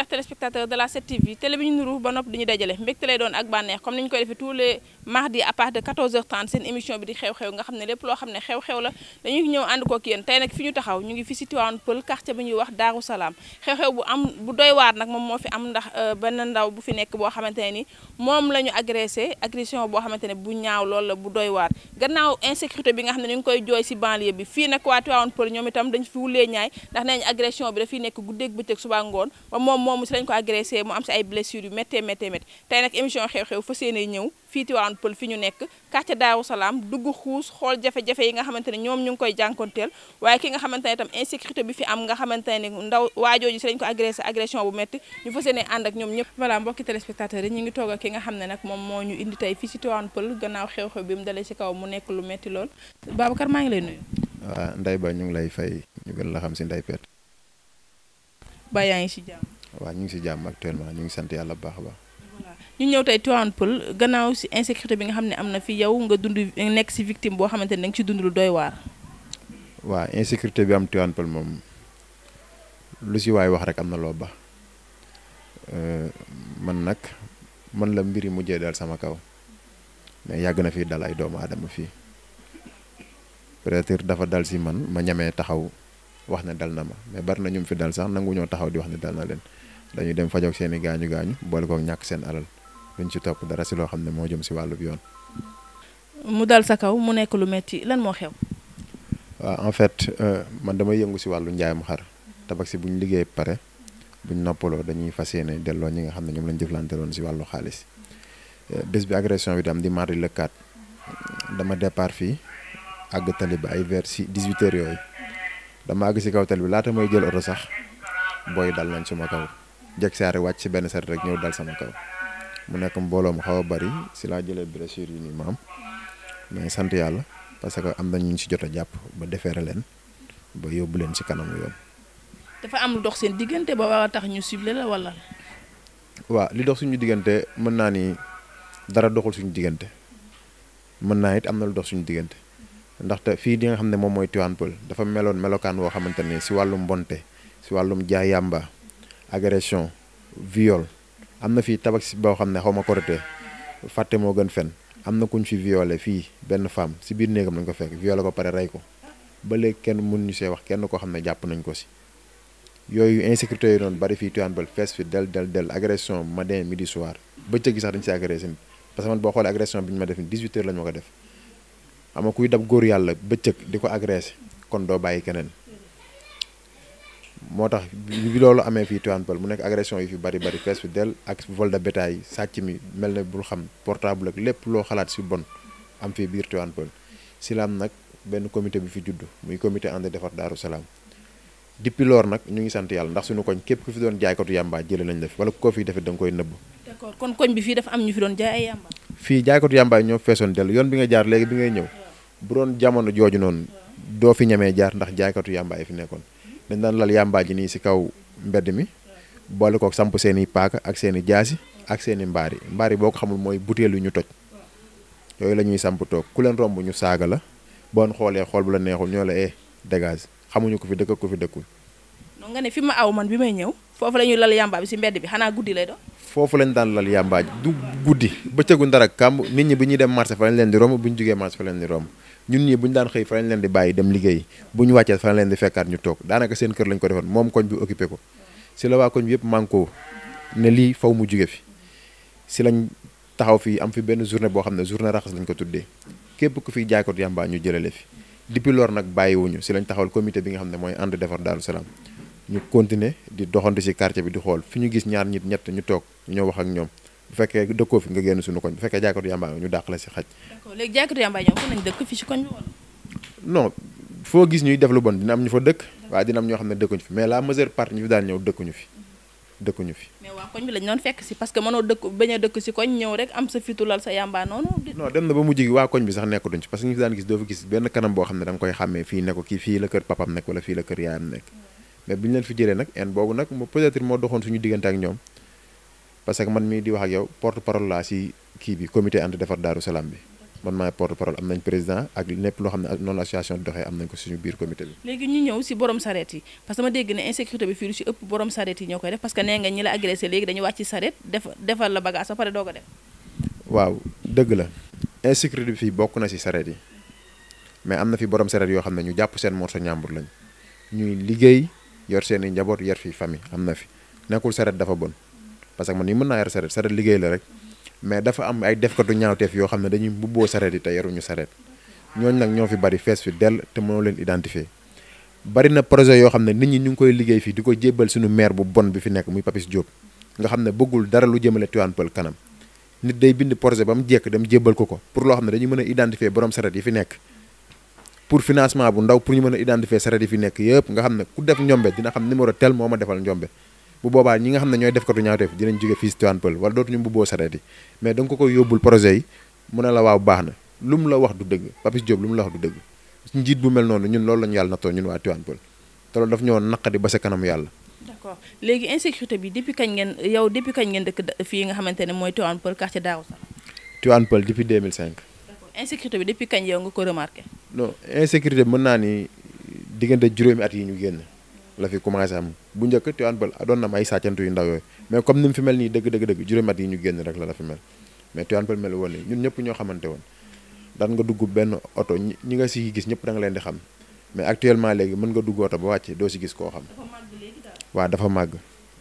chers téléspectateurs de la 7TV télé bi ñu nuru ba nopp duñu dajale mbégte lay doon ak bànneex comme ni ñu koy defee tous les mardis à partir de seen émission bi di xew-xew nga xam ne lépp loo xam ne xew-xew la dañuy ñëw ànd kook yéen tey nag fi ñu taxaw ñu ngi fi Tivaouane Peulh quartier bi ñuy wax Daaru Salaam xew-xew bu am bu doy waar nag moom moo fi am ndax euh, benn ndaw bu fi nekk boo xamante ne ni moom la ñu agressé agression boo xamante ne bu ñaaw loolu la bu doy waar gannaaw insécurité bi nga xam ne ñu koy jooy si banlieue bi fii nag waa Tivaouane Peulh ñoom itam dañ fi wulee ñaay ndax nee nañ agression bi dafiy nekk moom si lañ ko agressé mu am si ay blessures yu méttee méttee méttee tey nag émission xew-xew fa seenee ñëw fii Tivaouane Peulh fi ñu nekk quartier Daaru Salaam dugg xuus xool jafe-jafe yi nga xamante ne ñoom ñu ngi koy jànkonteel waaye ki nga xamante ne tam insécurité bi fi am nga xamante ne ndaw waajooju si lañ ko agressé agression bu métti ñu fa seenee ànd ak ñoom ñëpp voilà mbokki téléspectateurs yi ñu ngi toog ak ki nga xam ne nag moom moo ñu indi tey fii si Tivaouane Peulh gannaaw xew-xew bi mu dalee si kaw mu nekk lu métti lool Babacar maa ngi lay ñu ngi lay fay ñu la xam si Ndeye Pet ba yaa ngi si waa ñu ngi si jàmm actuellement ñu ngi sant yàlla bu baax a baax. ñu ñëw tey Tivaouane Peulh gannaaw si insécurité bi nga xam ne am na fi yow nga dund nekk si victime boo xamante ne da nga si dund lu doy waar. waaw insécurité bi am Tivaouane Peulh moom lu si waay wax rek am na loo baax euh, man nag man la mbir yi mujjee dal sama kaw mais yàgg na fii dal ay doomu aadama fii peut-être dafa dal si man ma ñamee taxaw wax ne dal na ma mais bari na ñoom fi dal sax nangu ñoo taxaw di wax ne dal na leen. dañuy dem fajook seen i gaañu gaañu boole kook ñàkk seen alal duñ ci topp dara si loo xam ne moo jëm si wàllub yoon. mu dal sa kaw mu nekk lu metti lan moo xew. waaw en fait euh, man damay yëngu si wàllu njaayam xar tabax si buñ liggéey pare buñ noppaloo dañuy fas yéene delloo ñi nga xam ne ñoom lañ jëflante woon si wàllu xaalis euh, bés bi agression bi tam di mardi le 4 dama départ fii àgg taliba ay vers si 18 yooyu dama àgg si kaw tali bi laata mooy jël oto sax booy dal nañ suma kaw. jeg saari wàcc si benn set rek ñëw dal sama kaw mu nekk mbooloo mu xaw a bari si laa jëlee blessure yi nii ma am mais sant yàlla parce que am na ñu si jot a jàpp ba defeere leen ba yóbbu leen si kanam yoon. dafa am lu dox diggante tax ñu ciblé la waaw li dox suñu diggante mën naa ni dara doxul suñu diggante mën naa it am na lu dox suñu diggante ndaxte fii di nga xam ne moom mooy Tivaouane Peulh dafa meloon melokaan woo xamante ne si wàllum mbonte si wàllum jaay yàmba agression viol am na fii tabax boo xam ne xaw ma korité fàtte moo gën fen am na kuñ fi violé fii benn femme si biir néegam lañ ko fekk violé ko pare rey ko ba léegi kenn mun ñu see wax kenn koo xam ne jàpp nañ ko si yooyu insécurité yooyu noonu bari fii Tivaouane Peulh fees fi del del del agression matin midi soir bëccëg gi sax dañ si agressé nit parce que man boo xoolee agression bi ñu ma def ni 18 heures ma ko def ama kuy dab góor yàlla bëccëg di ko agressé kon doo bàyyi keneen moo tax bi loolu amee fii Tivaouane Peulh mu nekk agression yi fi bari bari fees fi dell ak vol de bétail sàcc mi mel na bul xam portable ak lépp loo xalaat si bon am fii biir Tivaouane Peulh si la nag benn comité bi fi judd muy comité ànd defar Daaru Salaam depuis loor nag ñu ngi sant yàlla ndax sunu koñ képp ku fi doon jaaykatu yàmbaa jële nañ la fi wala ku ko fi defee da koy nëbb. kon koñ bi fii dafa am ñu fi doon jaay fii jaaykatu yàmbaa ñoo feesoon dell yoon bi nga jaar léegi bi ngay ñëw bu doon jamono jooju noonu doo fi ñemee jaar ndax jaaykatu yàmbaa yi fi nekkoon dañ daan lal yàmbaa nii si kaw mbedd mi boole kook samp seeni i paaka ak seen i jaasi ak seeni i mbaari mbaari boo ko xamul mooy butéel yu ñu toj yooyu la ñuy samp toog ku leen romb ñu saaga la bon xoolee xool bu la neexul ñoo la eh dégage xamuñu ko fi dëkk ko fi dëkkul. donc nga ne fi ma aw man bi may ñëw foofu la ñuy lal yàmbaa bi si mbedd bi xanaa guddi lay doon. foofu lañ daan lal yàmbaa du guddi bëccëgu ndara kàmb nit ñi bi ñuy dem marché fa lañ leen di leen di romb. ñun ñii bu daan xëy fa lañ leen di bàyyi dem liggéey bu ñu wàccee fa leen di fekkaat ñu toog daanaka seen kër lañ ko defoon moom koñ bi occupé ko si la waa koñ bi yëpp ne lii faw mu jóge fi si lañ taxaw fii am fi benn journée boo xam ne journée raxas lañ ko tuddee képp ku fiy jaaykat yàmbaa ñu jëlale fi depuis loor nag bàyyiwuñu si lañ taxawal comité bi nga xam ne mooy ànd defar Daaru Salaam ñu continuer di doxantu si quartier bi di xool fi ñu gis ñaar nit ñett ñu toog ñoo wax ak ñoom bu fekkee dëkkoo fi nga génn suñu koñ bu fekkee jaaykatu yàmbaa ñu dàq la si xaj. d'accord foo gis ñuy def lu bon dina am ñu fa dëkk. waaye dina am ñoo xam ne dëkkuñu fi mais la majeure partie ñu fi daan ñëw fi mm-hmm. dëkkuñu fi. mais waa koñ bi lañ doon fekk si parce que mënoo dëkk bañ a dëkk si koñ ñëw rek am sa fitulal sa yàmbaa noonu. non dem na ba mujj gi waa koñ bi sax nekkatuñ ci parce que ñu fi daan gis doo fi gis benn kanam boo xam ne da nga koy xàmmee fii ne fii la kër papam nekk wala fii la kër yaayam nekk mm-hmm. mais bi ñu leen fi jëlee nag en boobu nag peut-être moo doxoon suñu diggante ak parce que man mii di wax ak yow porte parole laa si kii bi comité ànd defar Daaru Salaam bi man maay porte parole am nañ président ak lépp loo xam ne noonu association di doxee am nañ ko suñu biir comité bi. léegi ñu ñëw si borom sareet yi parce que dama dégg ne insécurité bi fii lu si ëpp borom sareet yi ñoo koy def parce que nee nga ñi la agressé léegi dañu wàcc sareet def la bagage ba pare doo def. waaw dëgg la. insécurité bi fii bokk na si sareet yi mais am na fi borom sareet yoo xam ne ñu jàpp seen morso ñàmbur lañ ñuy liggéey yor seen i njaboot yor fii famille am na nekkul sareet dafa bon parce que man mii mën naa yor sareet sareet liggéey la rek mais dafa am ay defkatu ñaawteef yoo xam ne dañuy mbubboo sareet yi te yaruñu sareet ñooñ nag ñoo fi bari fees fi dell te mënoo leen identifier bari na projet yoo xam ne nit ñi ñu ngi koy liggéey fii di ko jébbal suñu maire bu bon bi fi nekk muy Papis Diop nga xam ne bëggul dara lu jëmale Tivaouane Peulh kanam nit day bind projet ba mu jekk dem jébbal ko ko pour loo xam ne dañu mën a identifier borom sareet yi fi nekk pour financement bu ndaw pour ñu mën a identifier sareet yi fi nekk yëpp nga xam ne ku def njombe dina xam numéro tel moo ma defal njombe bu boobaa ñi nga xam ne ñooy def katu ñaawteef dinañ jóge fii si Tivaouane Peulh wala dootuñu mbubboo sareet yi mais da nga ko koy yóbbul projet yi mu ne la waaw baax na lu mu la wax du dëgg Papis Diop lu mu la wax du dëgg njiit bu mel noonu ñun loolu lañu yàlla nattoo ñun waa Tivaouane Peulh te loolu daf ñoo naqadi ba sa kanam yàlla léegi insécurité bi depuis kañ ngeen yow depuis kañ ngeen dëkk fii nga xamante ne mooy Tivaouane Peulh quartier bi depuis ko remarqué non insécurité bi mën naa ni diggante juróomi at yi ñu génn la fi commencé am bu njëkk Tivaouane Peulh doon na am ay sàccantu yu ndaw yooyu mais comme ni mu fi mel nii dëgg dëgg dëgg juróomi at yi ñu génn rek la fi mel mais Tivaouane Peulh mel woon ni ñun ñoo xamante woon daan nga dugg benn oto ñi nga si gis ñëpp da nga leen di xam mais actuellement léegi mën nga dugg oto ba wàcce doo si gis koo xam waaw dafa màgg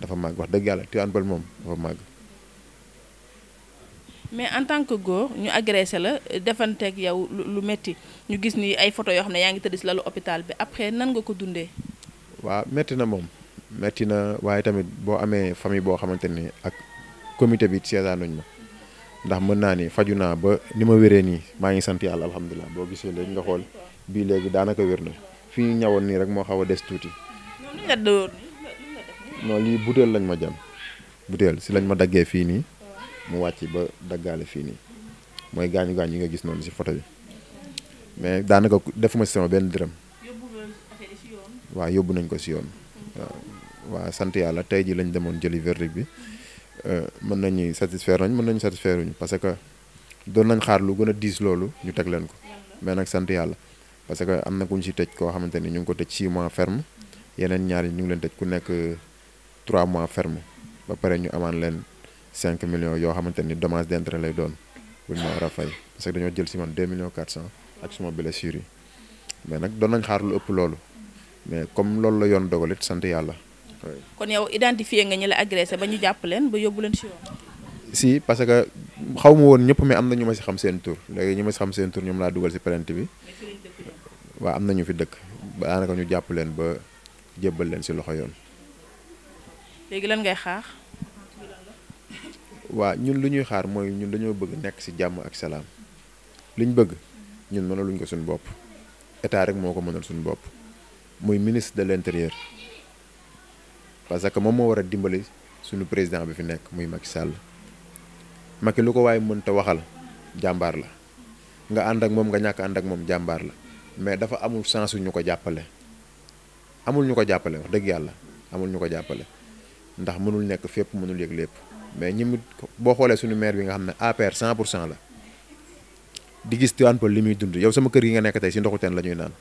dafa màgg wax dëgg yàlla Tivaouane bal moom dafa màgg mais en tant que góor ñu agressé la defanteeg yow lu metti ñu gis ni ay photo yoo xam ne yaa ngi tëdd si lalu hôpital bi après nan nga ko dundee waaw métti na moom métti na waaye tamit boo amee famille boo xamante ni ak comité bi seetaanuñ ma ndax mën naa ni faju naa ba ni ma wéree nii maa ngi sant yàlla alhamdulilah boo gisee léegi nga xool bii léegi daanaka wér na fi ñu ñawoon nii rek moo xaw a des tuuti. non lii butéel lañ ma jam butéel si lañ ma daggee fii nii mu wàcc ba daggaale fii nii mooy gaañu gaañ yi nga gis noonu si photo bi mais daanaka defuma si sama benn dërëm. waa yóbbu nañ ko si yoon waaw sant yàlla tey ji lañ demoon jëli verdict bi euh, mën nañu satisfaire nañ mën nañu satisfaire wuñu parce que doon nañ xaar lu gën a diis loolu ñu teg leen ko mais nag sant yàlla parce que am na ku ñu si tëj koo xamante ni ñu ngi ko tëj 6 mois ferm yeneen ñaar yi ñu ngi leen tëj ku nekk 3 mois ferme ba pare ñu amaan leen 5 million yoo xamante ni dommage d'intérêt lay doon bu ñu ma war a fay parce que dañoo jël si man 2 millions 400 ak suma blessure yi mais nag doon nañ xaar ëpp loolu. mais comme loolu la yoon dogal sant yàlla. kon yow identifié nga ñi la agressé ba ñu jàpp leen ba yóbbu leen si yoon. si parce que xaw ma woon ñëpp mais am na ñu ma si xam seen tur léegi ñu ma si xam seen tur ñoom laa dugal si plainte bi. am na ñu fi dëkk ba daanaka ñu jàpp leen ba jébbal leen si loxo yoon. léegi lan ngay xaar. waa ñun lu ñuy xaar mooy ñun dañoo bëgg nekk si jàmm ak salaam liñ bëgg ñun mënaluñ ko suñu bopp état rek moo ko mënal suñu bopp. muy ministre de l'intérieur parce que moom moo war a dimbali suñu président bi fi nekk muy Macky Sall Macky lu ko waaye mënta waxal jàmbaar la nga ànd ak moom nga ñàkk ànd ak moom jàmbaar la mais dafa amul sens ñu ko jàppale amul ñu ko jàppale wax dëgg yàlla amul ñu ko jàppale ndax mënul nekk fépp mënul yëg lépp mais ñi mu boo xoolee suñu maire bi nga xam ne APR 100 pour cent la di gis Tivaouane Peulh li muy dund yow sama kër gi nga nekk tey si ndoxu teen la ñuy naan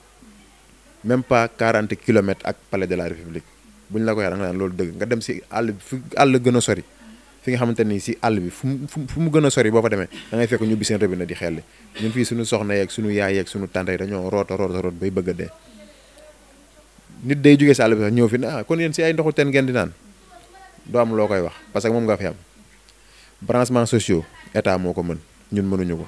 même pas 40 kilomètres ak palais de la république bu ñu la ko waxee da nga naan loolu dëgg nga dem si àll bi fu àll gën a sori fi nga xamante ni si àll bi fu mu fu mu gën a sori boo fa demee da ngay fekk ñu bi seen robinet di xelli ñu fii suñu soxna yeeg suñu yaay yeeg suñu tante yi dañoo roota roota root bay bëgg a dee nit day jógee si àll bi sax ñëw fi ne ah kon yéen si ay ndoxu teen ngeen di naan doo am loo koy wax parce que moom nga fi am branchement sociaux état moo ko mën ñun mënuñu ko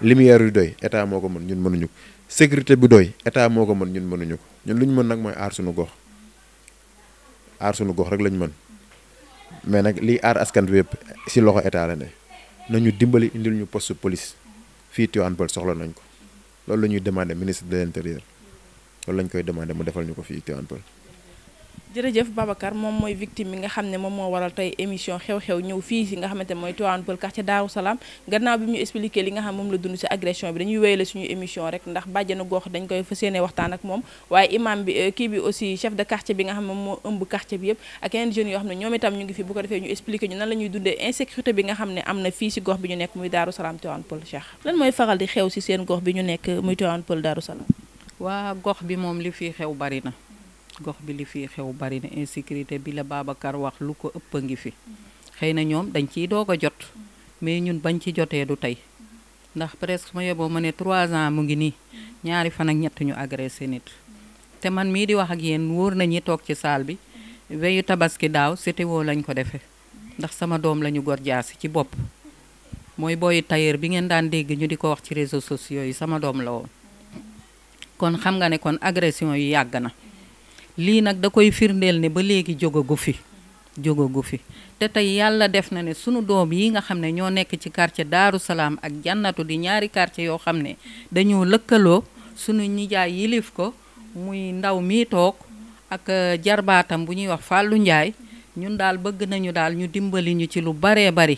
lumière yu doy état moo ko mën ñun mënuñu ko sécurité bi dooy état moo ko mën ñun mënuñu ko ñun lu ñu mën nag mooy aar suñu gox aar suñu gox rek lañu mën mais nag lii aar askan bi yëpp si loxo état la ne nañu dimbali indil ñu post police fii Tivaouane Peulh soxla nañ ko loolu la ñuy demandé ministre de l'intérieur loolu lañ koy demande mu defal ñu ko fii Tivaouane Peulh jërëjëf Babacar moom mooy victime bi nga xam ne moom moo waral tey émission xew-xew ñëw fii si nga xamante mooy Tivaouane Peulh quartier Daaru Salaam gannaaw bi mu expliqué li nga xam moom la dund si agression bi dañuy wéyale suñu émission rek ndax bàjjenu gox dañ koy fas yéene waxtaan ak moom waaye imam bi kii bi aussi chef ne moom moo ëmb quartier bi yëpp ak yeneen jeunes yoo xam ne ñoom itam ñu ngi fi bu ko defee ñu expliqué ñu nan la dundee insécurité bi nga xam ne am na fii si gox bi ñu nekk muy Daaru Salaam Tivaouane Peulh Cheikh lan mooy faral di xew si seen gox bi ñu nekk muy Tivaouane Peulh Daaru Salaam bi moom li fii xew bari na gox bi li fii xew bari na insécurité bi la baabakar wax lu ko ëpp a ngi fi xëy na ñoom dañ ciy doog a jot mais ñun bañ ci jotee du tey ndax presque ma yeboo ma ne trois ans mu ngi nii ñaari fan ak ñett ñu agressé nit te man mii di wax ak yéen wóor nañu toog ci saal bi weyu tabaski daaw CTO lañ ko defee ndax sama doom lañu ñu gor jaasi ci bopp mooy booyu tailleur bi ngeen daan dégg ñu di ko wax ci réseau sociaux yi sama doom la woon kon xam nga ne yàgg na lii nag da koy firndeel ne ba léegi jógagu fi jógagu fi te tey yàlla def na ne sunu doom yi nga xam ne ñoo nekk ci quartier Daaru Salaam ak jannatu di ñaari quartier yoo xam ne dañoo lëkkaloo sunu nijaay yilif ko muy ndaw mi toog ak euh, jarbaatam bu ñuy wax fàllu njaay ñun daal bëgg nañu daal ñu dimbali ñu ci lu baree bari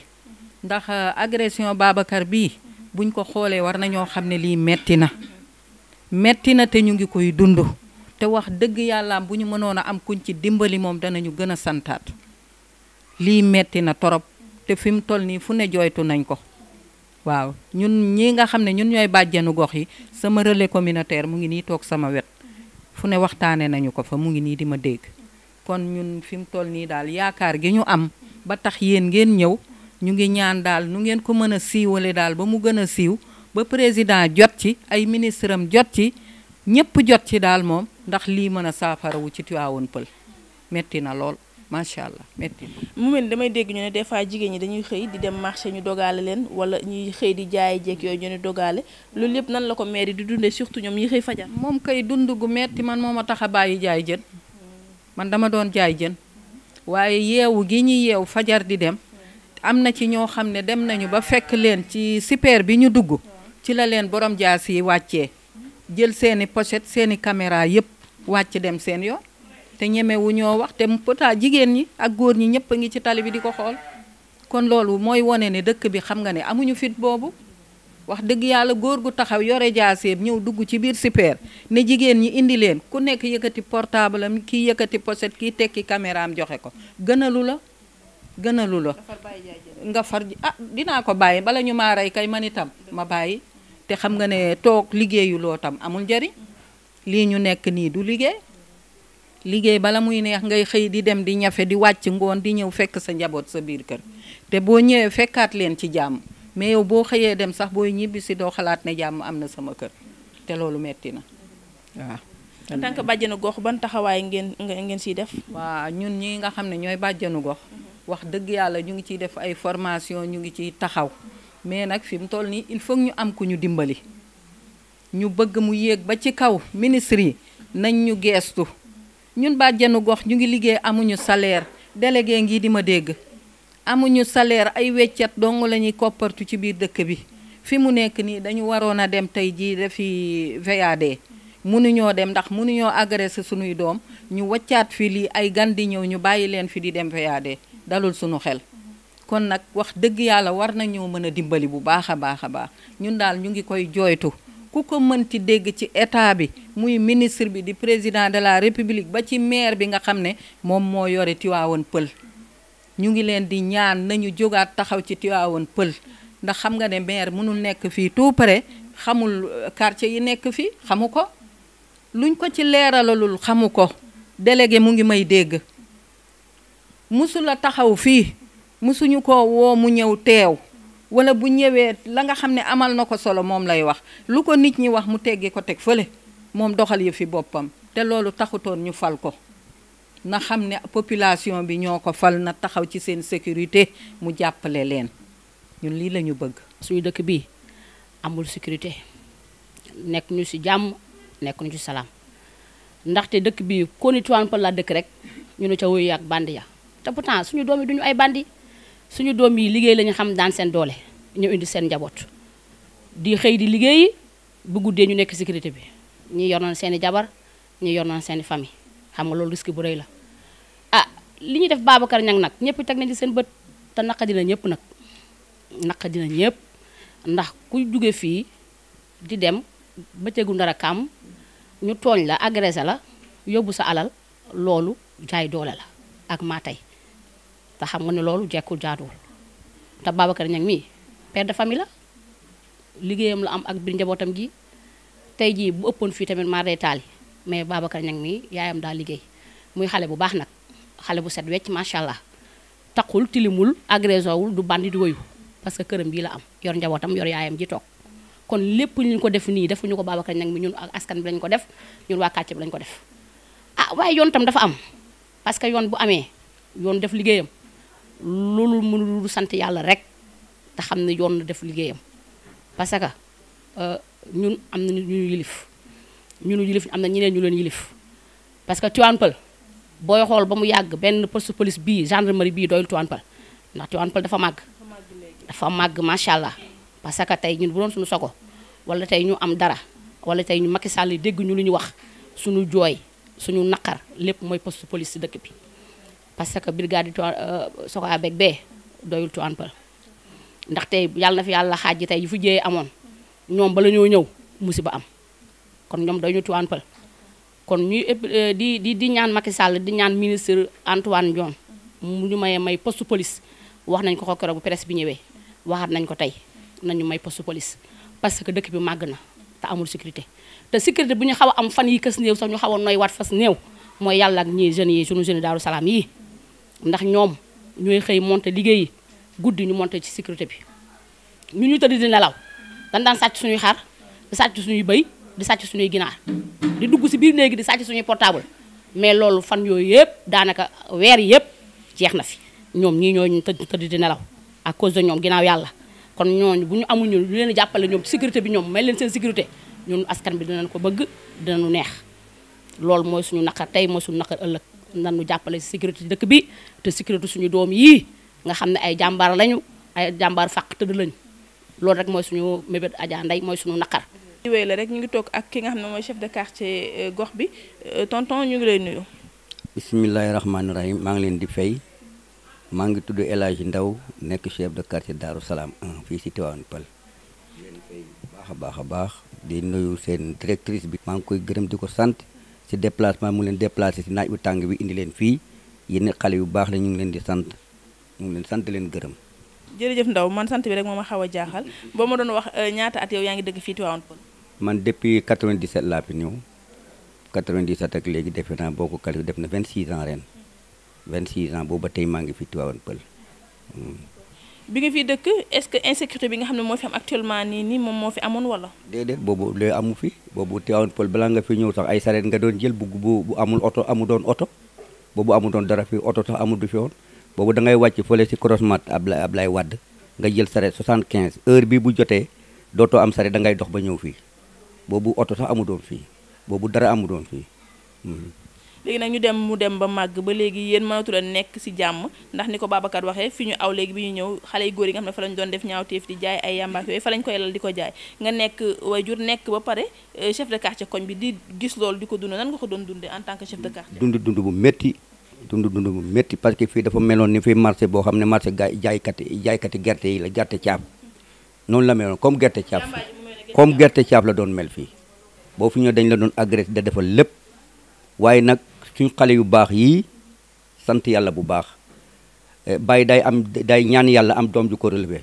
ndax euh, agression Babacar bii buñ ko xoolee war nañoo xam ne lii metti na metti na te ñu ngi koy dund te wax dëgg yàllaam bu ñu mënoon a am kuñ ci dimbali moom danañu gën a santaat lii metti na torop te fi mu toll nii fu ne jooytu nañ ko waaw ñun ñi nga xam ne ñun ñooy bàjjanu gox yi sama relais communautaire mu ngi nii toog sama wet fu ne waxtaane nañu ko fa mu ngi nii di ma dégg kon ñun fi mu toll nii daal yaakaar gi ñu am ba tax yéen ngeen ñëw ñu ngi ñaan daal nu ngeen ko mën a siiwale daal ba mu gën a siiw ba président jot ci ay ministre am jot ci ñëpp jot ci daal moom ndax lii mën a saafara wu ci Tivaouane Peulh metti na lool macha allah metti mu mel damay dégg ñu ne des fois jigéen ñi dañuy xëy di dem marché ñu dogaale leen wala ñuy xëy di jaay jeeg yooyu ñu ne dogaale loolu yëpp nan la ko meri di dundee surtout ñoom ñi xëy fajar. moom kay dund gu metti man moo ma tax a bàyyi jaay jën man dama doon jaay jën waaye yeewu gi ñuy yeew fajar di dem am na ci ñoo xam ne dem nañu ba fekk leen ci super bi ñu dugg ci la leen borom jaas yi wàccee. jël seeni pochette seeni caméra yëpp wàcc dem seen yoon te ñemewu ñoo wax te pourtant jigéen ñi ak góor ñi ñëpp a ngi ci tali bi di ko xool kon loolu mooy wane ne dëkk bi xam nga ne amuñu fit boobu wax dëgg yàlla góor gu taxaw yore jaaseem ñëw dugg ci biir super ne jigéen ñi indi leen ku nekk yëkkati portable am kii yëkkati pochette kii tekki caméra joxe ko gënalu la gënalu la nga far ah dinaa ko bàyyi bala ñu maa rey kay man itam ma bàyyi te xam nga ne toog liggéeyuloo tam amul njariñ lii ñu nekk nii du liggéey liggéey bala muy neex ngay xëy di dem di ñafe di wàcc ngoon di ñëw fekk sa njaboot sa biir kër te boo ñëwee fekkaat leen ci jàmm mais yow boo xëyee dem sax booy ñibbi si doo xalaat ne jàmm am na sama kër te loolu metti na waaw. en bàjjanu gox ban taxawaay ngeen ngeen siy def. waaw ñun ñi nga xam ne ñooy bàjjanu gox. Uhuh. wax dëgg yàlla ñu ngi ciy def ay formation ñu ngi ciy taxaw. mais nag fi mu toll nii il faut ñu am ku ñu dimbali ñu bëgg mu yéeg ba ci kaw ministre yi nañ ñu geestu ñun bàjjenu gox ñu ngi liggéey amuñu salaire délégué ngi di ma dégg amuñu salaire ay weccet dong la ñuy koppartu ci biir dëkk bi fi mu nekk nii dañu waroon a dem tey jii dafi VAD mënuñoo dem ndax mënuñoo agressé sunuy doom ñu waccaat fi lii ay gan di ñëw ñu bàyyi leen fi di dem VAD dalul sunu xel kon nag wax dëgg yàlla war nañoo mën a dimbali bu baax a baax a baax ñun daal ñu ngi koy jooytu ku ko mënti dégg ci état bi muy ministre bi di président de la république ba ci maire bi nga xam ne moom moo yore Tiwaawoon Pël ñu ngi leen di ñaan nañu jógaat taxaw ci Tiwaawoon Pël ndax xam nga ne maire mënul nekk fii tout pare xamul euh, quartier yi nekk fii xamu ko luñ ko ci leeralalul xamu ko délégué mu ngi may dégg musula taxaw fii suñu ko woo mu ñëw teew wala bu ñëwee la nga xam ne amal na ko solo moom lay wax lu ko nit ñi wax mu teggee ko teg fële moom doxal fi boppam te loolu taxutoon ñu fal ko na xam ne population bi ñoo ko fal na taxaw ci seen sécurité mu jàppale leen ñun lii lañu bëgg suñu dëkk bi amul sécurité nekk ñu ci jàmm nekk ñu ci salaam ndaxte dëkk bi ko ni Tivaouane Peulh dëkk rek ñu ne ca wuyu ak bandi ya te pourtant suñu doom yi duñu ay bandi suñu doom yi liggéey la xam daan seen doole ñëw indi seen njaboot di xëy di liggéeyi bu guddee ñu nekk sécurité bi ñu yor nañ seen i jabar ñu yor nañ seen i famille xam nga loolu risque bu rëy la ah li ñuy def Babacar ñag nag ñëpp teg nañ seen bët te naqa dina ñëpp nag naqa dina ndax ku jóge fii di dem bëccëgu ndara kam ñu tooñ la agressé la yóbbu sa alal loolu jaay doole la ak maa tey te xam nga ne loolu jekkul jaaduwul te Babacar Niang mii père de famille liggéeyam la am ak biir njabootam gi tey jii bu ëppoon fii tamit maa day taali mais Babacar Niang mii yaayam daa liggéey muy xale bu baax nag xale bu set wecc macha allah taqul tilimul agression wul du bandi di woyu parce que këram bii la am yor njabootam yor yaayam ji toog kon lépp ñu ko def nii defuñu ko Babacar Niang mi ñun ak askan bi lañ ko def ñun waa kàcce bi lañ ko def ah waaye yoon tam dafa am parce que yoon bu amee yoon def liggéeyam loolu mënul lu sant yàlla rek te xam ne yoon na def liggéeyam parce que euh, ñun am na ñu ñu yilif ñunu yilif am na ñeneen ñu leen yilif parce que Tivaouane booy xool ba mu yàgg benn poste police bii gendarmerie bii doyul Tivaouane Peulh ndax Tivaouane dafa màgg dafa màgg macha allah parce que tey ñun bu doon suñu sogo wala tey ñu am dara wala tey ñu Macky Sall dégg ñu lu ñu wax suñu jooy suñu naqar lépp mooy post police si dëkk bi parce que brigade euh, Sokoya beeg bee doyul Tivaouane Peulh ndaxte tey yàlla na fi yàlla xaaj ji tey yu fi jiyee amoon ñoom bala ñoo ñëw musiba am kon ñoom doyul Tivaouane Peulh kon ñuy euh, di di di ñaan Macky Sall di ñaan ministre Antoine Diome mu ñu mayee may poste police wax nañ ko ko keroog bu presse bi ñëwee waxaat nañ ko tey nañu may poste police parce que dëkk bi màgg na te amul sécurité te sécurité bu ñu xaw a am fan yi kës néew sax ñu xaw a noy waat fas néew mooy yàlla ak ñii jeunes yi sunu jeunes ndax ñoom ñooy xëy monté liggéeyi guddi ñu monté ci sécurité bi ñu ñu tëdd di nelaw dañ daan sàcc suñuy xar di sàcc suñuy bëy di sàcc suñuy ginaar di dugg si biir néegi di sàcc suñuy portable mais loolu fan yooyu yëpp daanaka weer yëpp jeex na fi ñoom ñii ñoo ñu tëdd di nelaw ak cause de ñoom ginaaw yàlla kon ñooñu bu ñu amuñu ñu leen jàppale ñoom sécurité bi ñoom may leen seen sécurité ñun askan bi dinañ ko bëgg dinañu neex loolu mooy suñu naqar tey mooy suñu ëllëg nan nanu jàppale si sécurité dëkk bi te sécurité suñu doom yii nga xam ne ay jàmbaar lañu ay jàmbaar fàq tëdd lañu loolu rek mooy suñu mébét Adja Ndeye mooy suñu naqar. wéy la rek ñu ngi toog ak ki nga xam ne mooy chef de quartier euh, gox bi euh, tonton ñu ngi lay nuyu. bisimilahi rahmaani rahim maa ngi leen di fay maa ngi tudd El Hadj Ndaw nekk chef de quartier Darou Salaam 1 fii si Tivaouane Peulh leen fay baax a baax a baax di nuyu seen directrice bi. maa ngi koy gërëm di ko sant. si déplacement mu leen déplacé si naaj wu tàng bi indi leen fii yéen xale yu baax la ñu ngi leen di sant ñu ngi leen sant leen gërëm. jërëjëf Ndaw man sant bi rek moo ma xaw a jaaxal boo ma doon wax euh, ñaata at yow yaa ngi dëkk fii Tivaouane Peulh. man depuis 97 laa fi ñëw 97 ak léegi defe naa boo ko calculé def na vingt 26 ans ren 26 an boobu ba tey maa ngi fi Tivaouane Peulh. Hmm. bi nga fiy dëkk est-ce que insécurité bi nga xam ne moo fi am actuellement nii nii moom moo fi amoon wala. déedéet boobu léegi amu fi boobu Tivaouane Peulh balaa nga fi ñëw sax ay sareet nga doon jël bu bu amul oto amu doon oto boobu amu doon dara fi oto sax amu du fi woon boobu da ngay wàcc fële si croisement ab Ablaye Wade nga jël sareet 75 heure bii bu jotee dootoo am sareet dangay dox ba ñëw fii boobu oto sax amu doon fii boobu dara amu doon fii. Hmm. léegi nag ñu dem mu dem ba màgg ba léegi yéen mënatu leen nekk si jàmm ndax ni ko baabakat waxee fi ñu aw léegi bi ñu ñëw xale yu góor yi nga xam ne fa lañ doon def ñaawteef di jaay ay yàmbaak yooyu fa lañ koy lal di ko jaay nga nekk waajur nekk ba pare euh, chef de quartier koñ bi di gis loolu di ko dund nan nga ko doon dundee en tant que chef de quartier dund dund bu métti dund dund bu métti parce que fii dafa meloon ni fii marché boo xam ne marché ga jaaykati jaaykati gerte yi la gerte caaf noonu la meloon comme gerte caaf comme gerte caaf la doon mel fii boo fi dañ la doon agressé da defal lépp nag suñ xale yu baax yii sant yàlla bu baax eh, bàyyi day am day ñaan yàlla am doom ju ko relevé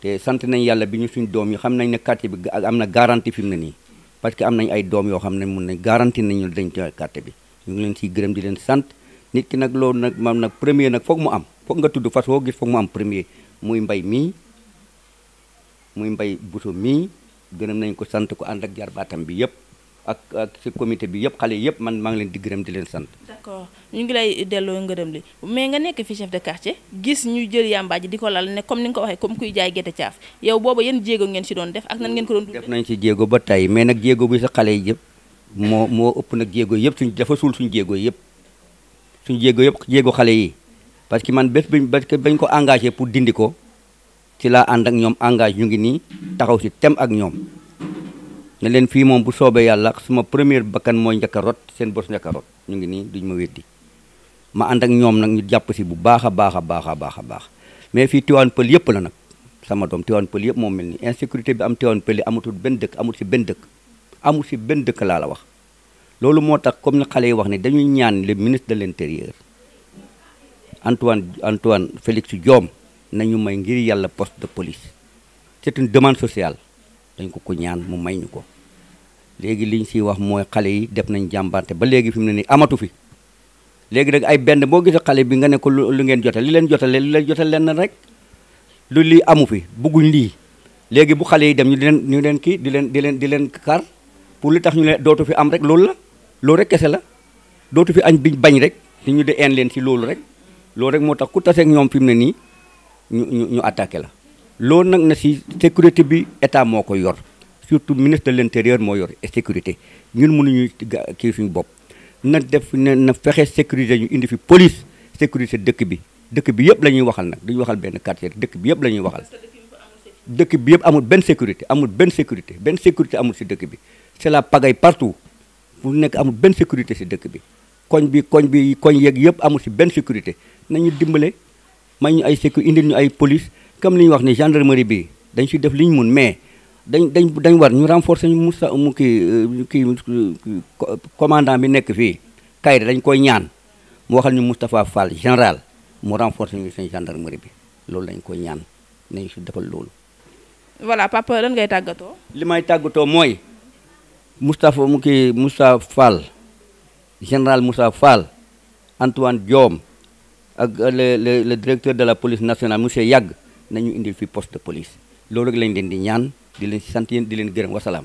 te sant nañ yàlla bi ñu suñ doom yi xam nañ ne quartier bi am na garanti fi mu ne nii parce que am nañ ay doom yoo xam ne mun nañ garantie nañu dañ ci bi ñu ngi leen ciy gërëm di leen sant nit ki nag loolu nag maam nag premier nag foog mu am foog nga tudd fas woo gis foog mu am premier muy mbay mii muy mbay buso mii gërëm nañ ko sant ko ànd ak jarbaatam bi yëpp ak ak ci comité bi yëpp xale yëpp man maa ngi leen di gërëm di leen sant. d'accord ñu ngi lay delloo ngërëm li mais nga nekk fii cef de quartier gis ñu jël yàmbaa ji di ko lal ne comme ni nga ko waxee comme kuy jaay gerte caaf yow booba yéen jéego ngeen ci doon def ak nan ngeen ko doon. def nañ ci jéego ba tey mais nag jéego bi sa xale yi yëpp moo moo ëpp nag jéego yëpp suñ dafa suul suñ jéego yëpp suñ jéego yëpp jéego xale yi parce que man ba bañ ko engagé pour dindi ko ci laa ànd ak ñoom engagé ñu ngi nii taxaw ci tem ak ñoom ne leen fii moom bu soobee yàlla suma première bakkan mooy njëkk a rot seen bos njëkk rot ñu ngi nii duñ ma weddi ma ànd ak ñoom nag ñu jàpp si bu baax a baax a baax a baax a baax mais fii Tivaouane pël yëpp la nag sama doom Tivaouane pël yëpp moom mel ni insécurité bi am Tivaouane Peulh amatul benn dëkk amul si benn dëkk amul si benn dëkk laa la wax loolu moo tax comme ni xale yi wax ni dañuy ñaan le ministre de l'intérieur Antoine Antoine Félix Diome nañu may ngir yàlla poste de police c'est une demande sociale dañ ko ko ñaan mu may ñu ko léegi li ñu siy wax mooy xale yi def nañ jàmbante ba léegi fi mu ne nii amatu fi léegi nag ay benn boo gisee xale bi nga ne ko lu ngeen jote li leen jotale li leen jotale rek lu lii amu fi bugguñ lii léegi bu xale yi dem ñu leen ñu leen kii di leen di leen di leen kar pour li tax dootu fi am rek loolu la loolu rek kese la dootu fi añ biñ bañ rek di ñu di een leen si loolu rek loolu rek moo tax ku taseeg ñoom fi mu ne nii ñu ñu ñu la loolu nag na si sécurité bi état moo ko yor surtout ministre de moo yor sécurité ñun mënuñu kii suñu bopp na def ne na fexe sécurité ñu indi fi police sécurité dëkk bi dëkk bi yëpp la ñuy waxal nag duñu waxal benn quartier dëkk bi yëpp la waxal dëkk bi yëpp amul benn sécurité amul benn sécurité benn sécurité amul si dëkk bi c'est la pagaille partout fu nekk amul benn sécurité si dëkk bi koñ bi koñ bi koñ yeeg yëpp amul si benn sécurité nañu dimbale may ay sécu indil ñu ay police comme li ñu wax ni gendarmerie bi dañ si def li ñu mun mais dañ dañ dañ war ñu renforcer mu sa mu euh, kii commandant bi nekk fii Kayre dañ koy ñaan mu waxal ñu Moustapha Fall général mu renforcer ñu seen gendarmerie bi loolu lañ koy ñaan nañ si defal loolu. voilà papa lan ngay tàggatoo. li may tàggatoo mooy Moustapha mu kii Moussa Fall général Moussa Fall Antoine Diome ak le le le directeur de la police nationale monsieur yàgg nañu indi fi poste de police loolu rek lañ di ñaan di leen sant yéen di leen gërëm wasalaam.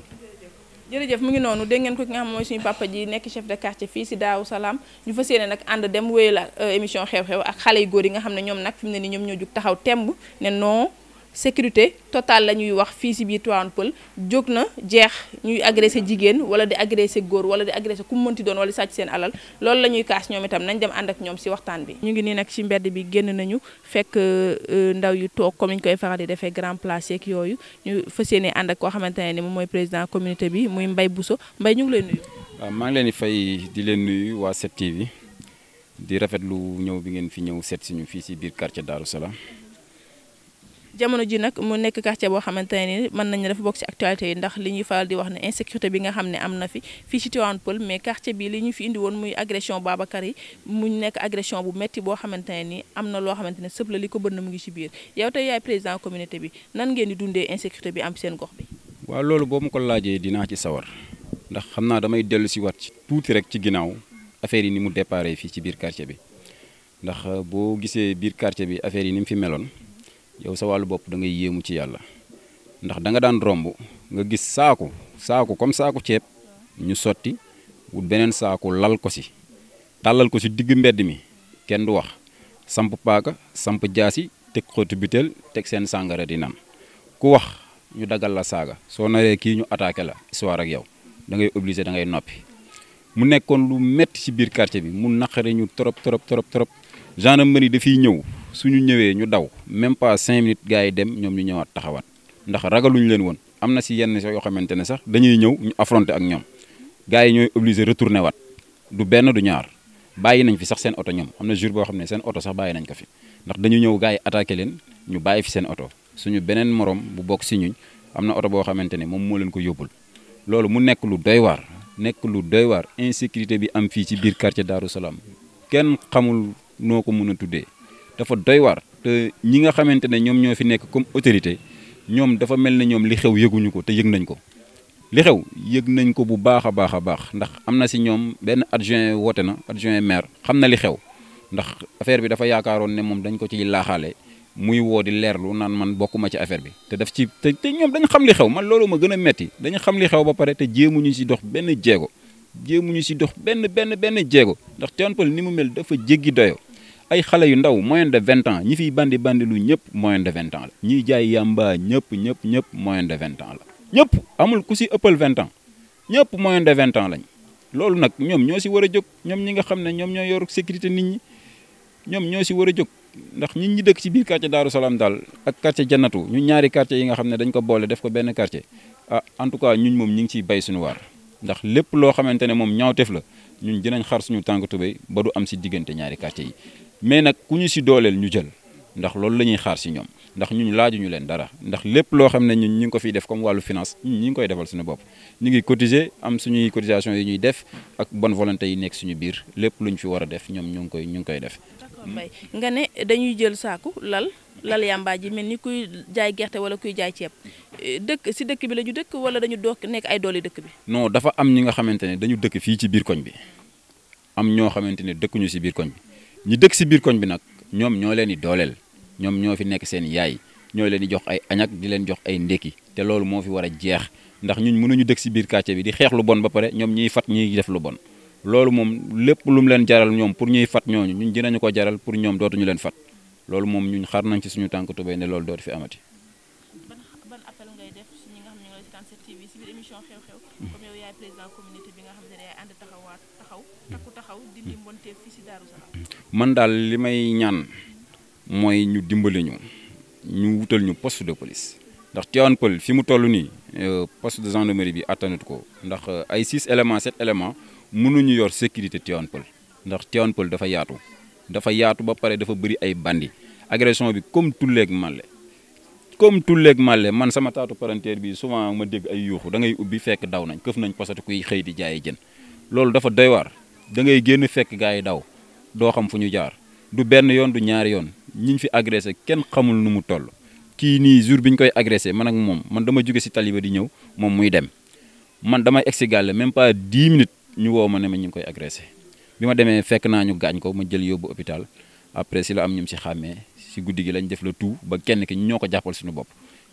jërëjëf mu ngi noonu dégg ngeen ko ki nga xam mooy suñu papa ji nekk chef de quartier fii si Daaru Salaam ñu fas yéene nag ànd dem wéyal euh, émission xew-xew ak xale yu góor yi nga xam ne ñoom nag fi ne nii ñoom ñoo jug taxaw temb ne non. sécurité totale la ñuy wax fii si biir Tivaouane Peulh jóg na jeex ñuy agressé jigéen wala di agressé góor wala di agressé ku mu mënti doon wala sàcc seen alal loolu la ñuy kaas ñoom itam nañ dem ànd ak ñoom si waxtaan bi. ñu ngi nii nag si mbedd bi génn nañu fekk euh, euh, ndaw yu toog comme ni ñu koy faral di defee grand place yeeg yooyu ñu fas yéene ànd ak koo xamante ne ni moom mooy président communauté bi muy Mbaye Bousso mbay ñu ngi leen nuyu. waaw maa ngi leen di fay di leen nuyu waa 7TV di rafetlu ñëw bi ngeen fi ñëw seet si fii si biir quartier Darou Salam jamono ji nag mu nekk quartier boo xamante ne ni mën nañu dafa bokk ci actualité yi ndax li ñuy faral di wax ne insécurité bi nga xam ne am na fi fii ci Tivaouane Peulh mais quartier ñu fi indi muy agression Babacar yi mu nekk agression bu métti boo xamante ne ni am na loo xamante ne sëpp li ko bënn mu ngi si biir yow tey yaay président communauté bi nan ngeen di dundee insécurité bi am seen gox bi waaw loolu boo ma ko laajee dinaa ci sawar ndax xam naa damay dellu si waat ci tuuti rek ci ginnaaw affaire yi ni mu déparé fii ci biir quartier bi ndax euh, boo gisee biir quartier bi affaire yi ni mu fi meloon yow sa wàllu bopp da ngay yéemu ci yàlla ndax da nga daan romb nga gis saaku saaku comme saaku ceeb ñu sotti wut beneen saaku lal ko si tàllal ko si digg mbedd mi kenn du wax samp paaka samp jaasi teg xóotu butéel teg seen sàngara di naan ku wax ñu dagal la saaga soo naree kii ñu attaque la histoire ak yow da ngay obligé da ngay noppi mu nekkoon lu metti ci biir quartier bi mu naqare ñu trop trop trop trop gendarmerie dafiy ñëw su ñu ñëwee ñu daw même pas cinq minutes gars yi dem ñoom ñu ñëwaat taxawaat ndax ragaluñu leen woon am na si yenn yoo xamante ne sax dañuy ñëw ñu affronter ak ñoom gars yi ñooy obligé retourner waat du benn du ñaar bàyyi nañ fi sax seen oto ñoom am na jour boo xam ne seen oto sax bàyyi nañ ko fi ndax dañu ñëw gars yi attaqué leen ñu bàyyi fi seen oto suñu beneen morom bu bokk si ñuñ am na oto boo xamante ne moom moo leen ko yóbbul loolu mu nekk lu doy waar nekk lu doy waar insécurité bi am fii ci biir quartier Darou Salam kenn xamul noo ko mën a tuddee dafa doy waar te ñi nga xamante ne ñoom ñoo fi nekk comme autorité ñoom dafa mel ne ñoom li xew yëguñu ko te yëg nañ ko li xew yëg nañ ko bu baax a baax a baax ndax am na si ñoom benn adjoint woote na adjoint maire xam na li xew ndax affaire bi dafa yaakaaroon ne moom dañ ko ci laaxaale muy woo di leerlu naan man bokkuma ci affaire bi te daf ci te te ñoom dañ xam li xew man loolu ma gën a metti dañu xam li xew ba pare te jéemuñu si dox benn jéego jéemuñu si dox benn benn benn jéego ndax Tivaouane ni mu mel dafa jéggi doyo ay xale yu ndaw moyenne de vingt ans ñi fi bandi bandi lu ñëpp moyenne de vingt ans la ñiy jaay yàmba ñëpp ñëpp ñëpp moyen de vingt ans la ñëpp amul ku si ëppal vingt ans ñëpp moyenne de vingt ans lañ loolu nag ñoom ñoo si war a jóg ñoom ñi nga xam ne ñoom ñoo yor sécurité nit ñi ñoom ñoo si war a jóg ndax ñun ñi dëkk si biir quartier Daaru Salaam daal ak quartier Jannatu ñu ñaari quartier yi nga xam ne dañ ko boole def ko benn quartier ah en tout cas ñun moom ñu ngi ciy bay suñu waar ndax lépp loo xamante ne moom ñaawteef la ñun dinañ xar suñu tànk tubéy ba du am si diggante ñaari quartier yi mais nag ku ñu si dooleel ñu jël ndax loolu la ñuy xaar si ñoom ndax ñun laajuñu leen dara ndax lépp loo xam ne ñun ñu ngi ko fiy def comme wàllu finance ñun ñu ngi koy defal suñu bopp ñu ngi cotiser am suñuy cotisation yi ñuy def ak bon volonté yi nekk suñu biir lépp lu ñu fi war a def ñoom ñu ngi koy ñu ngi koy def. d'accord nga ne dañuy jël saaku lal lal yàmbaa ji mel ni kuy jaay gerte wala kuy jaay ceeb eh, dëkk si dëkk bi la dëkk wala dañu doog nekk ay doole dëkk bi. non dafa am ñi nga xamante ne dañu dëkk fii ci biir koñ bi am ñoo xamante ne dëkkuñu si biir koñ bi ñi dëkk si biir koñ bi nag ñoom ñoo leen di dooleel ñoom ñoo fi nekk seen yaay ñoo leen di jox ay añak di leen jox ay ndékki te loolu moo fi war a jeex ndax ñun mënuñu dëkk si biir quartier bi di xeex lu bon ba pare ñoom ñuy fat ñuy def lu bon loolu moom lépp lu mu leen jaral ñoom pour ñuy fat ñooñu ñun dinañu ko jaral pour ñoom dootuñu leen fat loolu moom ñun xar nañ ci suñu tànk tubéy ne loolu dootu fi amati man daal li may ñaan mooy ñu dimbali ñu ñu wutal ñu poste de police ndax Tivaouane Peulh fi mu toll nii euh, poste de gendarmerie bi attanut ko ndax euh, ay six éléments sept éléments mënuñu yor sécurité Tivaouane Peulh ndax Tivaouane Peulh dafa yaatu dafa yaatu ba pare dafa bëri ay bandi agression bi comme tulleeg màlle comme tulleeg màlle man sama taatu parenteer bi souvent ma dégg ay yuuxu da ngay ubbi fekk daw nañ këf nañ posatu kuy xëy di jaayi jën loolu dafa doy waar génn fekk gars yi daw doo xam fu ñu jaar du benn yoon du ñaari yoon ñiñ fi agressé kenn xamul nu mu toll kii nii jour bi ñu koy agressé man ak moom man dama jóge si taliba di ñëw moom muy dem man damay egg si gàlle même pas dix minute ñu woo ma ne ma ñu ngi koy agressé bi ma demee fekk naa ñu gaañ ko ma jël yóbbu hôpital après si la am ñoom si xàmmee si guddi gi lañ def la tout ba kenn ki ñoo ko jàppal suñu bopp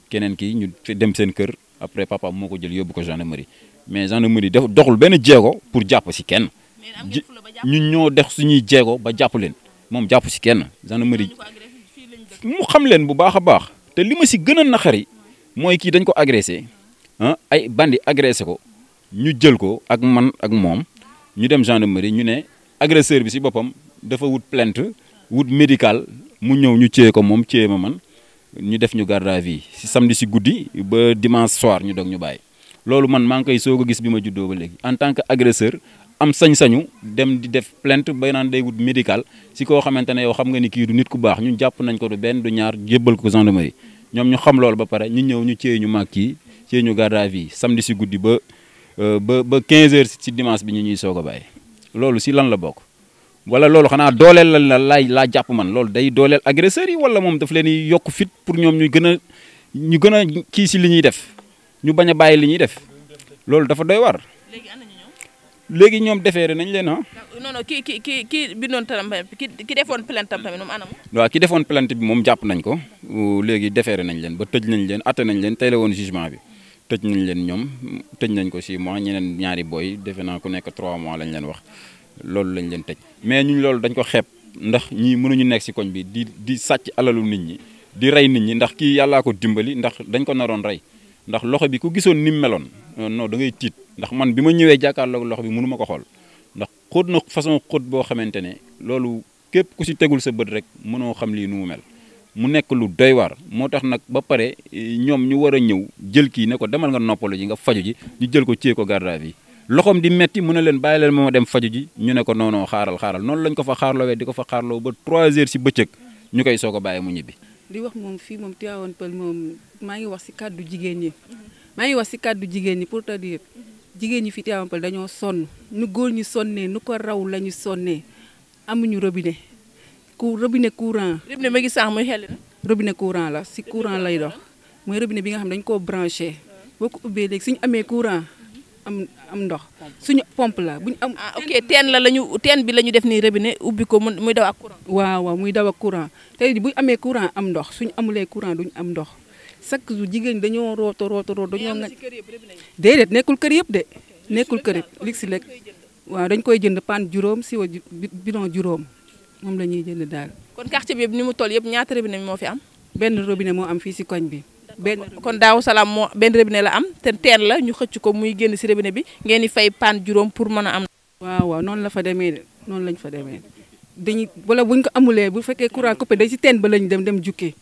keneen ki ñu dem seen kër après papa moo ko jël yóbbu ko gendarmerie mais gendarmerie def benn jéego pour jàpp si kenn ñu ñoo def suñuy jéego ba jàpp leen moom jàpp si kenn gendarmerie mu xam leen bu baax a baax te li ma si gën a naqari mooy kii dañ ko agressé ah ay bandi agressé ko ñu jël ko ak man ak moom ñu dem gendarmerie ñu ne agresseur bi si boppam dafa wut plainte wut médical mu ñëw ñu téye ko moom téye ma man ñu def ñu garde à vue si samedi si guddi ba dimanche soir ñu doog ñu bàyyi. loolu man maa ngi koy soog a gis bi ma juddoo ba léegi en tant que agresseur am sañ-sañu dem di def plainte bay naan day wut médical si koo xamante ne yow xam nga ni kii du nit ku baax ñu jàpp nañ ko du benn du ñaar jébbal ko gendarmerie ñoom ñu xam loolu ba pare ñu ñëw ñu cee ñu màgg kii cee ñu garde à vue samedi si guddi ba euh, ba ba 15 heures si dimanche bi ñu ñuy soog a bàyyi loolu si lan la bokk. wala loolu xanaa dooleel la la laay laa jàpp man loolu day dooleel agresseurs yi wala moom daf leen di yokk fit pour ñoom ñu gën a ñu gën a kii si li ñuy def ñu bañ a bàyyi li ñuy def loolu dafa léegi ñoom defeere nañ leen ah. non non ki ki ki ki bindoon tamit ki defoon plainte tamit moom anam. waaw ki defoon plainte bi moom jàpp nañ ko léegi defeere nañ leen ba tëj nañ leen atte nañ leen tey woon jugement bi tëj nañ leen ñoom tëj nañ ko si mois ñeneen ñaari booy defe naa ku nekk trois mois lañ leen wax loolu lañ leen tëj mais ñu loolu dañ ko xeeb ndax ñii mënuñu nekk si koñ bi di di sàcc alalu nit ñi di rey nit ñi ndax kii yàllaa ko dimbali ndax dañ ko naroon rey ndax loxo bi ku gisoon ni mu meloon euh, non da tiit. ndax man bi ma ñëwee jàkkaarloog loxo bi mënu ma ko xool ndax xóot na façon xóot boo xamante ne loolu képp ku si tegul sa bët rek mënoo xam lii nu mu mel mu nekk lu doy waar moo tax nag ba pare ñoom ñu war a ñëw jël kii ne ko demal nga noppalu ji nga faju ji ñu jël ko cee ko garde à loxoom di metti mu ne leen bàyyi leen ma dem faju ji ñu ne ko noonoo xaaral xaaral noonu lañ ko fa xaarloowee di ko fa xaarloo ba 3 heures si bëccëg ñu koy bàyyi mu ñibbi. di wax moom fii moom Tivaouane maa ngi wax si kàddu jigéen ñi maa ngi wax si kàddu jigéen ñi pour te jigéen ñi fi Tivaouane Peulh dañoo sonn nu góor ñi sonnee nu ko raw la ñu sonnee amuñu robinet ku robinet courant. robinet ma gis sax muy xel robinet courant la si courant lay dox mooy robinet bi nga xam ne dañu koo branché boo ko ubbee léegi suñu amee courant am am ndox suñu pompe la bu ñu am. ah teen la la ñu teen bi la ñu def nii robinet ubbi ko muy daw ak courant. waaw waaw muy daw ak courant tey bu ñu amee courant am ndox suñu amulee courant duñu am ndox. chaque jour jigéen ñi dañoo rooto rooto rooto dañoo nga déedéet nekkul kër yëpp de nekkul kër yëpp li si lekk waaw dañ koy jënd pan juróom siwa bidon juróom moom la ñuy jënd daal kon quartier bi yëpp ni mu toll yëpp ñaata robinet moo fi am benn robinet moo am fii si koñ bi benn kon daaw salaam moo benn robinet la am te teen la ñu xëcc ko muy génn si robinet bi ngeen di pan juróom pour mën a am waaw waaw noonu la fa demee de noonu lañ fa demee dañuy wala buñ ko amulee bu fekkee courant coupé dañ si teen ba lañ dem dem jukkee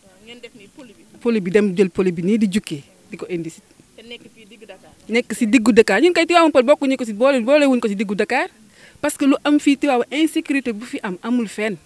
poli bi dem jël poli bi nii di jukki di ko indi si. nekk fii diggu nekk si diggu Dakar ñun kay Tivaouane Peulh bokkuñu ko si boole boole wuñ ko si diggu Dakar parce que lu am fii Tivaouane insécurité bu fi am amul fenn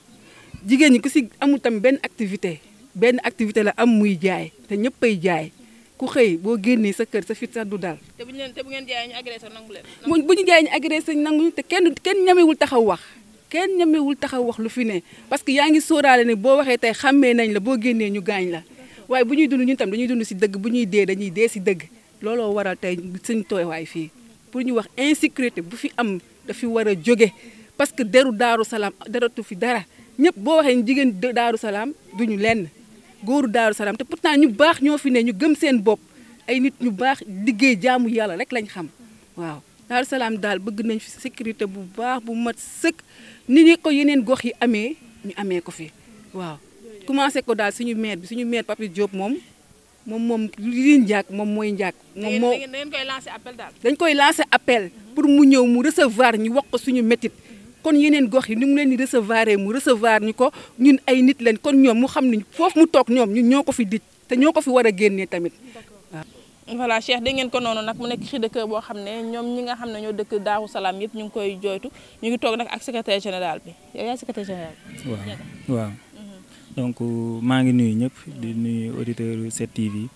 jigéen ñi ku si amul tam benn activité benn activité la am muy jaay te ñëppay jaay. ku xëy boo génnee sa kër sa fit sax du daal. te bu ñu bu ngeen jaayee ñu agressé nangu leen. bu ñu jaayee ñu agressé nangu te kenn kenn ñamewul taxaw wax kenn ñamewul taxaw wax lu fi ne parce que yaa ngi sóoraale ne boo waxee tey xàmmee nañ la boo génnee ñu gaañ la waaye bu ñuy dund ñun tam dañuy dund si dëgg bu ñuy dee dañuy dee si dëgg looloo waral tey suñ tooywaay fii pour ñu wax insécurité bu fi am dafi war a jóge parce que deru daaru salaam daratu fi dara ñëpp boo waxee jigéen daaru salaam duñu lenn góoru daaru salaam te pourtant ñu baax ñoo fi ne ñu gëm seen bopp ay nit ñu baax liggéey jaamu yàlla rek lañ xam waaw daaru salaam daal bëgg nañ fi sécurité bu baax bu mat sëkk ni ñu ko yeneen gox yi amee ñu amee ko fii waaw commencé ko daal suñu maire bi suñu maire Papis Diop moom moom moom lii njàkk moom mooy njàkk. moom moo dañ koy lancer appel daal. dañ koy lancer appel pour mu ñëw mu recevoir ñu wax ko suñu métit kon yeneen gox yi ni mu leen di recevoir mu recevoir ñu ko ñun ay nit lañ kon ñoom mu xam ñu foofu mu toog ñoom ñu ñoo ko fi dij te ñoo ko fi war a génne tamit. voilà Cheikh dégg ngeen ko noonu nag mu nekk cri de boo xam ne ñoom ñi nga xam ne ñoo dëkk Daaru Salaam yëpp ñu ngi koy jooytu ñu ngi toog nag ak secrétaire général bi yow donc maa ngi nuyu ñëpp di nuyu auditeurs 7TV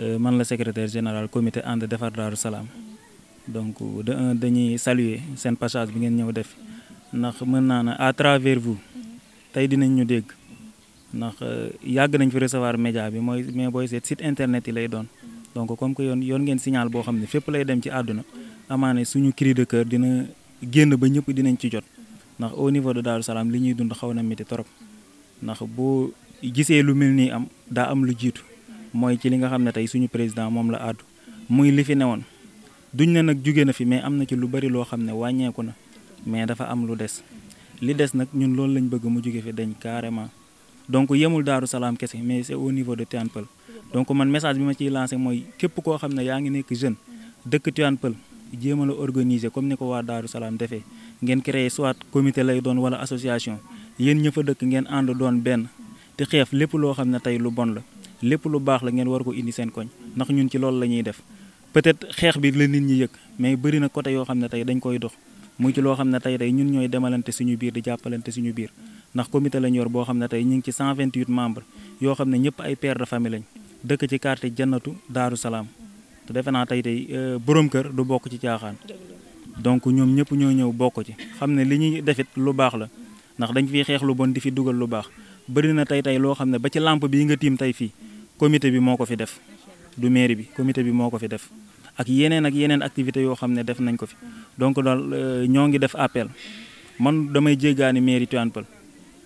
euh, man la secrétaire général comité ànd defar Daaru Salaam donc de un dañuy saluer seen passage bi ngeen ñëw def ndax mën naa ne à travers vous tey dinañ ñu dégg ndax euh, yàgg nañ fi recevoir média bi mooy mais booy seet site internet yi lay doon donc comme que yoon yoon ngeen signal boo xam ne fépp lay dem ci àdduna amaane suñu cri de cœur dina génn ba ñëpp dinañ ci jot ndax au niveau de Daaru Salaam li ñuy dund xaw na métti trop. ndax boo gisee lu mel nii am daa am lu jiitu mooy ci li nga xam ne tey suñu président moom la àddu muy li fi newoon duñ ne nag jóge na fi mais am na ci lu bari loo xam ne wàññeeku na mais dafa am lu des li des nag ñun loolu lañ bëgg mu jóge fi dañ carrément donc yemul Daaru Salaam kese mais c'est au niveau de Tivaouane Peulh donc man message bi ma ciy lancé mooy képp koo xam ne yaa ngi nekk jeune dëkk Tivaouane Peulh jéem a la organiser comme ni ko waa Daaru Salaam defee ngeen créer soit comité lay doon wala association yéen ña dëkk ngeen ànd doon benn te xeef lépp loo xam ne tey lu bon la lépp lu baax la ngeen war ko indi seen koñ ndax ñun ci loolu la ñuy def peut-être xeex bi la nit ñi yëg mais bëri na côté yoo xam ne tey dañ koy dox muy ci loo xam ne tey tey ñun ñooy demalante suñu biir di jàppalante suñu biir ndax comité lañ yor boo xam ne tey ñu ngi ci 128 membres yoo xam ne ñëpp ay père de famille lañ dëkk ci quartier jannatu daaru salaam te defe naa tey tey euh, borom kër du bokk ci caaxaan donc ñoom ñëpp ñoo ñëw bokk ci xam ne li ñuy defit lu baax la ndax dañ fiy xeex lu bon di fi dugal lu baax bëri na tey tey loo xam ne ba ci lampe bii nga tiim tey fii comité bi moo ko fi def du mairie bi comité bi moo ko fi def ak yeneen ak yeneen activités yoo xam ne def nañ ko fi donc daal euh, ñoo ngi def appel man damay jéggaani mairie Tivaouane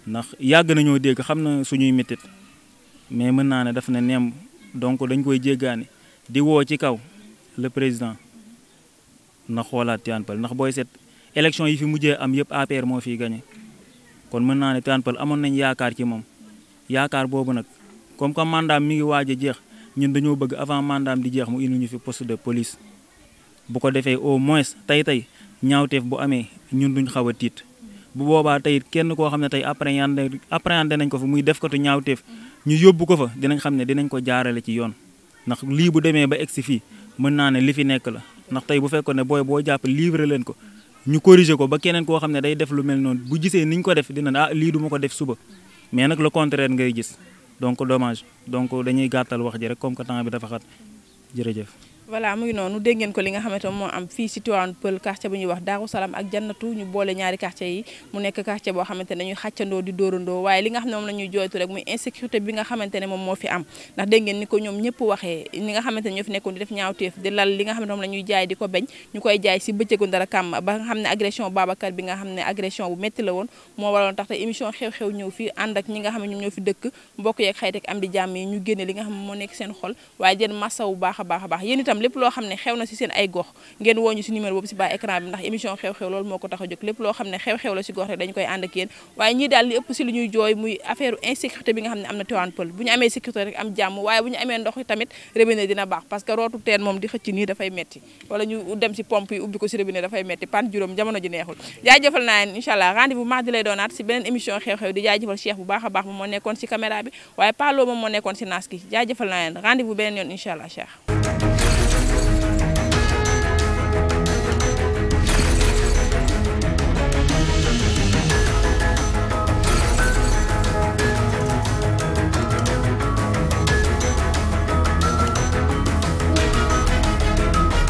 ndax yàgg nañoo dégg xam na suñuy métit mais mën naa ne daf ne neem donc dañ koy jéggaani di woo ci kaw le président na xoolaat Tivaouane Peulh ndax booy set élection yi fi mujjee am yëpp APR moo fi gagné kon mën naa ne Tivaouane Peulh amoon nañ yaakaar ci moom yaakaar boobu nag comme que mandat mi ngi waaj a jeex ñun dañoo bëgg avant mandat di jeex mu indi ñu fi poste de police bu ko defee au moins tey tey ñaawteef bu amee ñun duñ xaw a tiit bu boobaa tey kenn koo xam ne tey appréhendé appréhendé nañ ko fa muy def ko te ñaawteef ñu yóbbu ko fa dinañ xam ne dinañ ko jaarale ci yoon ndax lii bu demee ba egsi fii mën naa ne li fi nekk la ndax tey bu fekk ne booy boo jàpp livré leen ko ñu corriger ko ba keneen koo xam ne day def lu mel noonu bu gisee niñ ko def dina ah lii duma ko def suba mais nag le contraire ngay gis donc domage donc dañuy gàttal wax ji rek comme que temps bi dafa xat jërëjëf. voilà muy noonu dégg ngeen ko li nga xamante moo am fii ci Tivaouane Peulh quartier bu ñuy wax Daaru ak Jannatu ñu boole ñaari quartier yi mu nekk quartier boo xamante xam ne moom ne moom moo fi am ndax dégg ngeen ni ko ñoom ñëpp waxee ñi nga xamante ne ñoo fi nekkoon di def ñaawteef di lal li nga xam ne moom la ñuy jaay di ko beñ ñu koy jaay ci ne agression Babacar bi nga xam ñoo fi dëkk mbokk yeeg xaytek am di jàmm yi ñu génne li nga xam moo nekk seen xol waaye jën massa bu baax a baax a baax itam lépp loo xam ne xew na si seen ay gox ngeen wooñu si numéro boobu si bas écran bi ndax émission xew-xew loolu moo ko tax a jóg lépp loo xam ne xew-xew la si gox rek dañu koy ànd ak yéen waaye ñii daal li si lu ñuy jooy muy affaire insécurité bi nga xam ne am na Tivaouane Peulh bu ñu amee sécurité rek am jàmm waaye bu ñu amee ndox tamit robinet dina baax parce que rootu moom di xëcc nii dafay metti wala ñu dem si pompe yi ubbi ko si robinet dafay a baax